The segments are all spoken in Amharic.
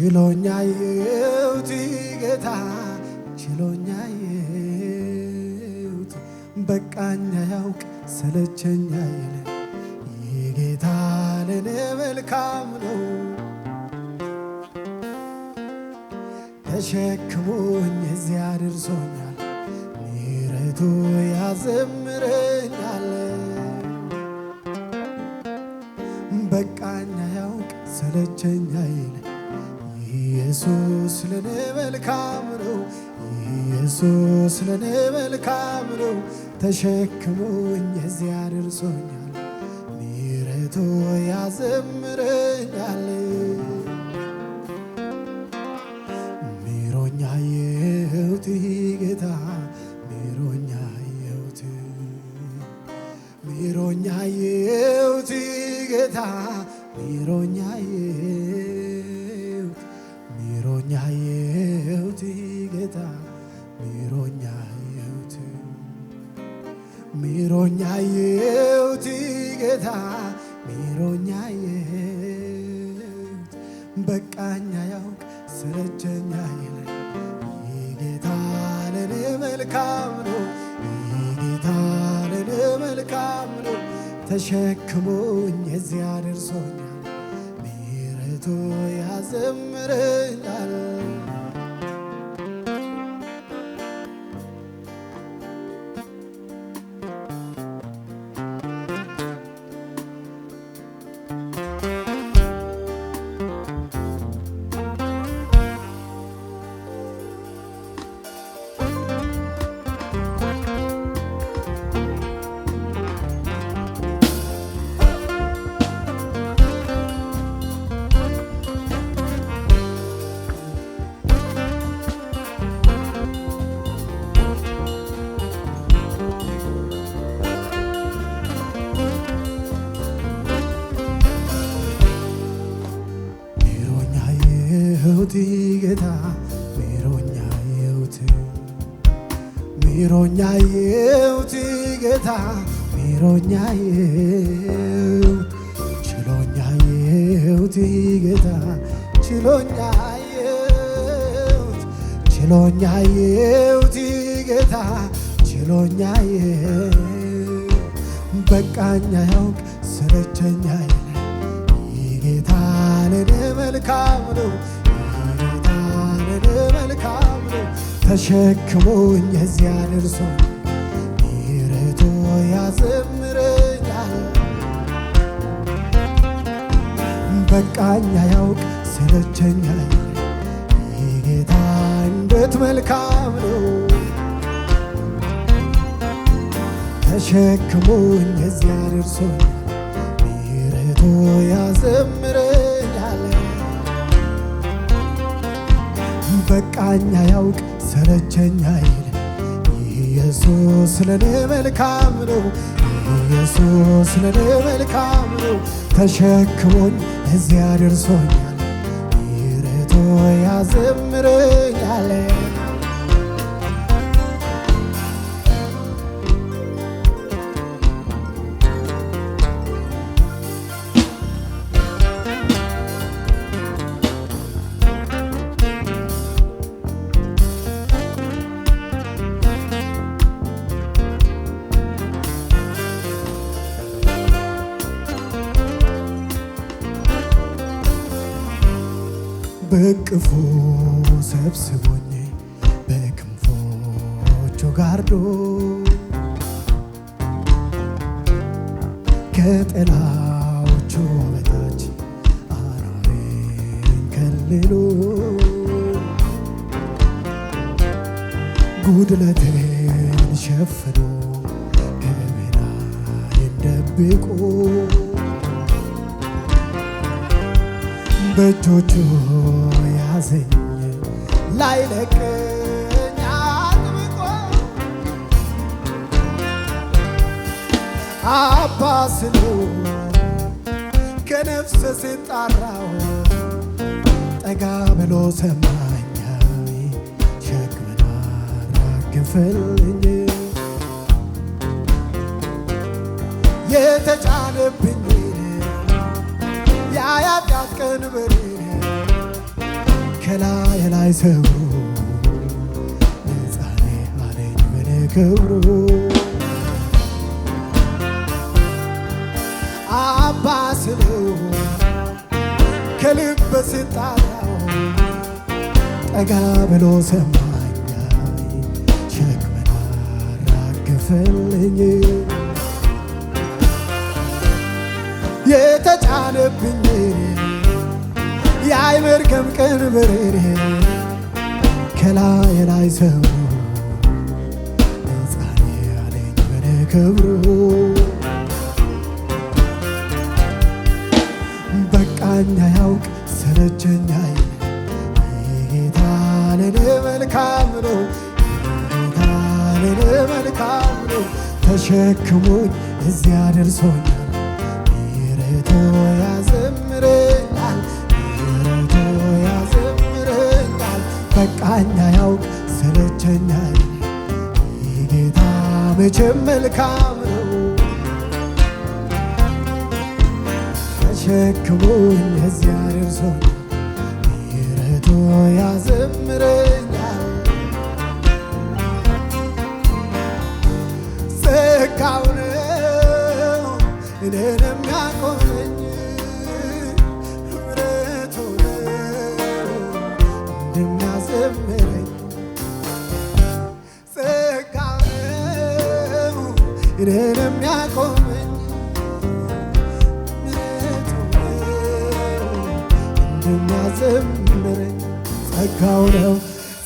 ችሎኛ የውቲ ጌታ ችሎኛ የውቲ በቃኛ ያውቅ ሰለቸኛ የለ ይህ ለኔ መልካም ነው ተሸክሞኝ እዚያ ደርሶኛል ምሕረቱ ያዘምረኛል በቃኛ ያውቅ ሰለቸኛ የለ ኢየሱስ ለኔ መልካም ነው፣ ኢየሱስ ለኔ መልካም ነው። ተሸክሞኝ እዚያ ደርሶኛል፣ ምሕረቱ ያዘምረኛል። ምሮኛ የውት ጌታ ምሮኛ የውት ምሮኛ የውት ጌታ ምሮኛ የውቲ ጌታ ምሮኛ የውቲ ምሮኛ የውቲ ጌታ በቃኛ ያውቅ ጌታ ለኔ መልካም ነው ጌታ ለኔ መልካም ነው ተሸክሞኝ ደርሶኛል አብዝቶ ያዘምረናል ጌታ ቢሮኛየው ችሎኛየውት ጌታ ችሎኛየውት ችሎኛየውት ጌታ ችሎኛየው በቃኛ ያውቅ ስረቸኛ የለ ጌታ ለኔ መልካም ነው። ጌታ ለኔ መልካም ነው። ተሸክሞኝ እዚያ ደርሶ ያዘምረኛል። በቃኝ አያውቅ እንዴት መልካም ነው። ተሸክሞኝ እዚያ ደርሶ ምሕረቱ ያዘምረኛል። በቃኝ ኢየሱስ ለኔ መልካም ነው፣ ኢየሱስ ለኔ መልካም ነው። ተሸክሞኝ እዚያ ደርሶኛል፣ ይረቶ ያዘምረኛል በቅፎ ሰብስቦኝ በክንፎቹ ጋርዶ ከጥላዎቹ በታች አራሬን ከልሎ ጉድለቴን ሸፍኖ ከበላይ ደብቆ በእጆቹ ያዘኝ ላይለቀኝ አጥብቆ አባ ስሉ ከነፍሴ ስጣራው ጠጋ ብሎ ሰማኝ ሸክሜን አራገፈልኝ የተጫነብኝን ያያት ቀንበሬ ከላይ ላይ ሰብሮ ነፃኔ አለኝ ምን ክብሩ አባ ስለው ከልብ ስጣራው ጠጋ ብሎ ሰማኛ ሸክመና አራገፈልኝ የተጫነብኝ የአይመርከም ቀንበሬ ከላይ ላይ ሰው ነፃኔ ያለኝ በነክብሩ በቃኝ አያውቅ ሰለቸኝ አይል ጌታ ለኔ መልካም ነው፣ ጌታ ለኔ መልካም ነው። ተሸክሞኝ እዚያ ደርሶኛል ያዘምረ በቃኝ አያውቅ ሰለቸኛል። ይህ መቼም መልካም ነው። ተሸክሞኝ እዚያ ደርሶ ይረቶ ያዘምረኛል። ጸጋው ነው እኔንም እግሬን የሚያቆመኝ የሚያዘምረኝ ጸጋው ነው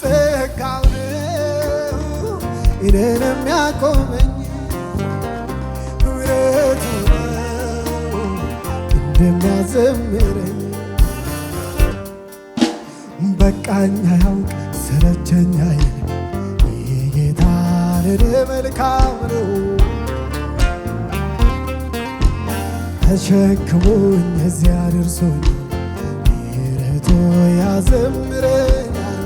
ጸጋው ነው እግሬን የሚያቆመኝ ምሕረቱ ነው በቃኝ አያውቅ ሰለቸኝ አይልም ይህ ጌታ ለእኔ መልካም ነው ተሸክሞኝ እዚያ ደርሶኝ ምሕረቱ ያዘምረኛል።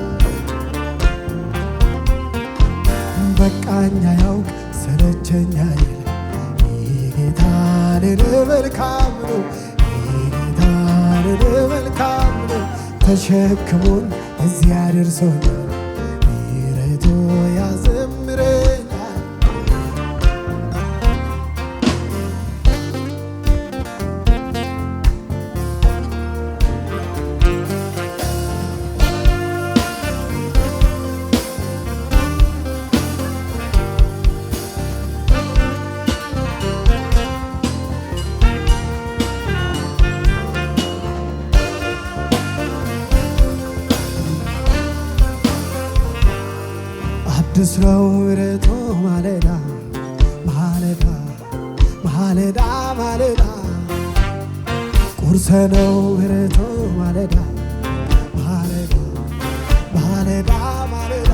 በቃኝ አያውቅ ሰለቸኝ አይል ይህ መልካም ነው፣ መልካም ነው። እዚያ ማለዳ ማለዳ ቁርስ ነው ምሕረቱ ማለዳ ማለዳ ማለዳ ማለዳ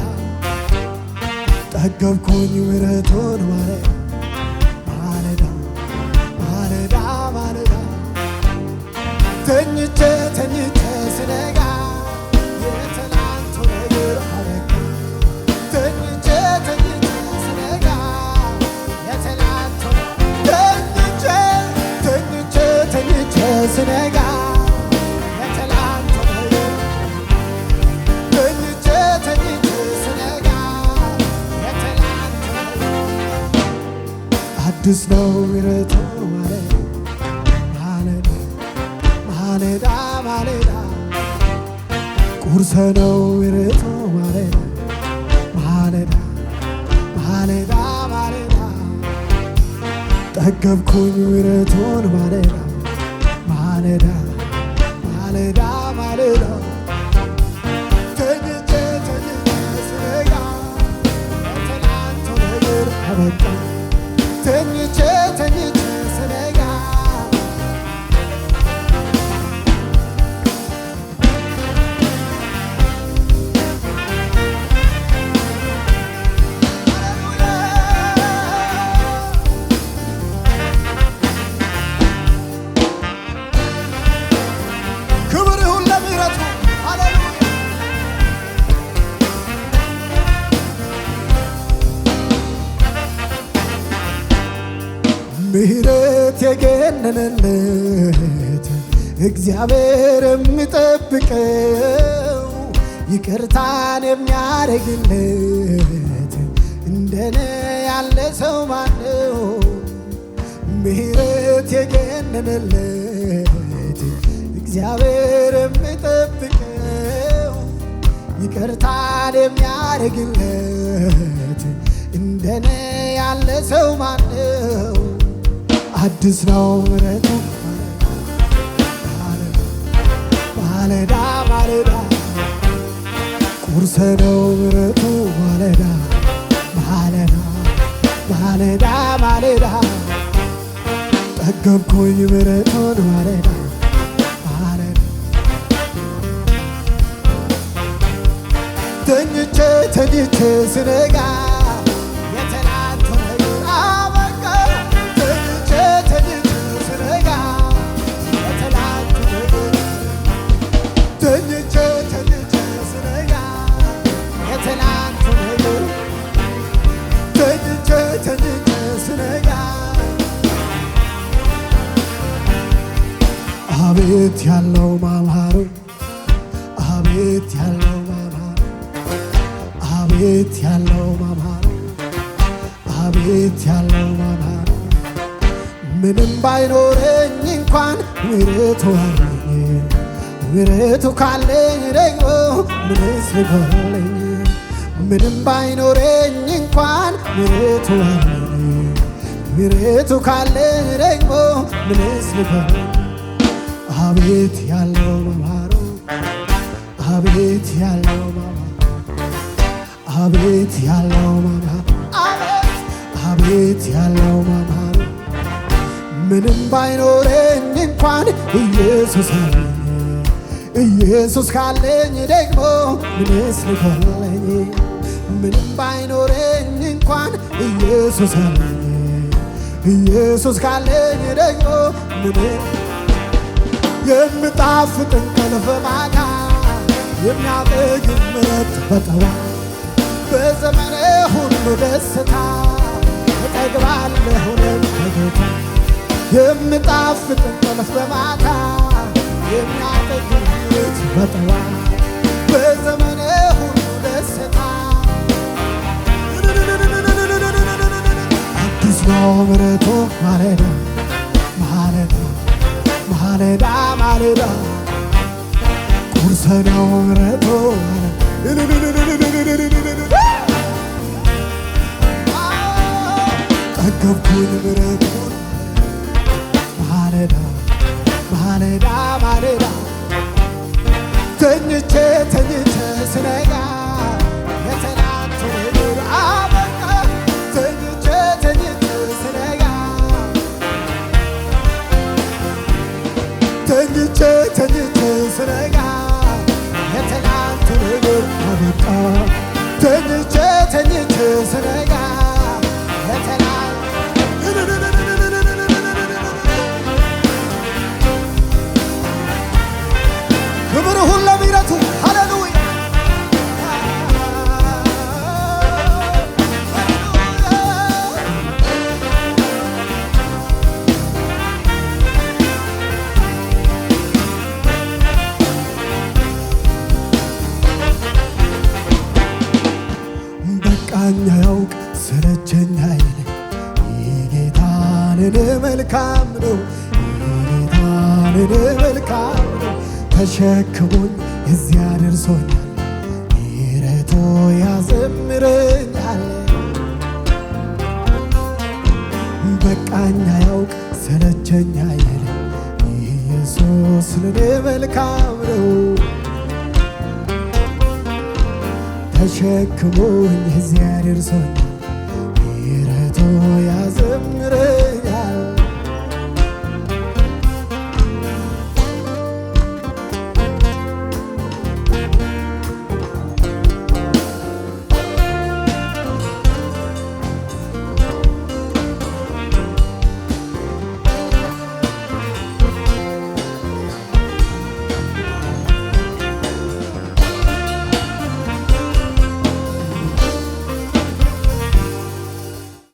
ጠገብኩኝ ምሕረቱን ማለዳ ማለዳ ማለዳ ማለዳ ተኝቼ ተኝቼ ስነጋ ስነጋ አዲስ ነው ምሕረቱ ማለዳ ማለዳ ማለዳ ቁርስ ነው ምሕረቱ ማለዳ ማለዳ ማለዳ ማለዳ ጠገብኩኝ ምሕረቱን ማለዳ ማለዳ ማለዳ ማለዳ ተኝቼ ተኝቼ ስነጋ የለለለት እግዚአብሔር የሚጠብቀው ይቅርታን የሚያደርግለት እንደኔ ያለ ሰው ማነው? ምሕረት የገነነለት እግዚአብሔር የሚጠብቀው ይቅርታን የሚያደርግለት እንደኔ ያለ ሰው ማነው? አዲስ ነው ምሕረቱ ማለዳ ማለዳ ቁርስ ነው ምሕረቱ ማለዳ ማለዳ ማለዳ ማለዳ ጠገብኩኝ ምሕረቱን ማለዳ ተኝቼ ተኝቼ ስነጋ ያለው ማምሃሩ አቤት ያለው ማምሃሩ አቤት ያለው ማምሃሩ አቤት ያለው ማምሃሩ ምንም ባይኖረኝ እንኳን ምሕረቱ አለኝ ምሕረቱ ካለኝ ደግሞ ምንስ ልበለኝ ምንም ባይኖረኝ እንኳን ምሕረቱ አለኝ ምሕረቱ ካለኝ ደግሞ ምንስ ልበለኝ አቤት ያለው መባሮ አቤት ያለው አቤት ያለው አቤት ያለው መባሮ ምንም ባይኖረኝ እንኳን ኢየሱስ ኢየሱስ ካለኝ ደግሞ ምንስ ልበለኝ? ምንም ባይኖረኝ እንኳን ኢየሱስ አለኝ ኢየሱስ ካለኝ ደግሞ ምን የምጣፍጥን ከልፈማካ የሚያጠግብ ምረት በቀዋ በዘመኔ ሁሉ ደስታ እጠግባለሁ ለጌታ የምጣፍጥን ከልፍ በማታ የሚያጠግብ ምረት በቀዋ በዘመኔ ሁሉ ደስታ አዲስ ነው ምረቱ ማለዳ ማለዳ ማለዳ ቁርስ ነው ጠገብኩኝ ምሕረቱን ማለዳ ማለዳ ማለዳ ተኝቼ ተኝቼ ስነጋ ተኝቼ ስነጋ የትናንቱ ነገር አበቃ። ተኝቼ ስነጋ መልካም ነው ጌታ መልካም ነው ተሸክሞኝ እዚያ ደርሶኛል ይረቶ ያዘምረኛል በቃኛ ያውቅ ሰለቸኛ የለ ኢየሱስ ለኔ መልካም ነው ተሸክሞኝ እዚያ ደርሶኛል ይረቶ ያዘም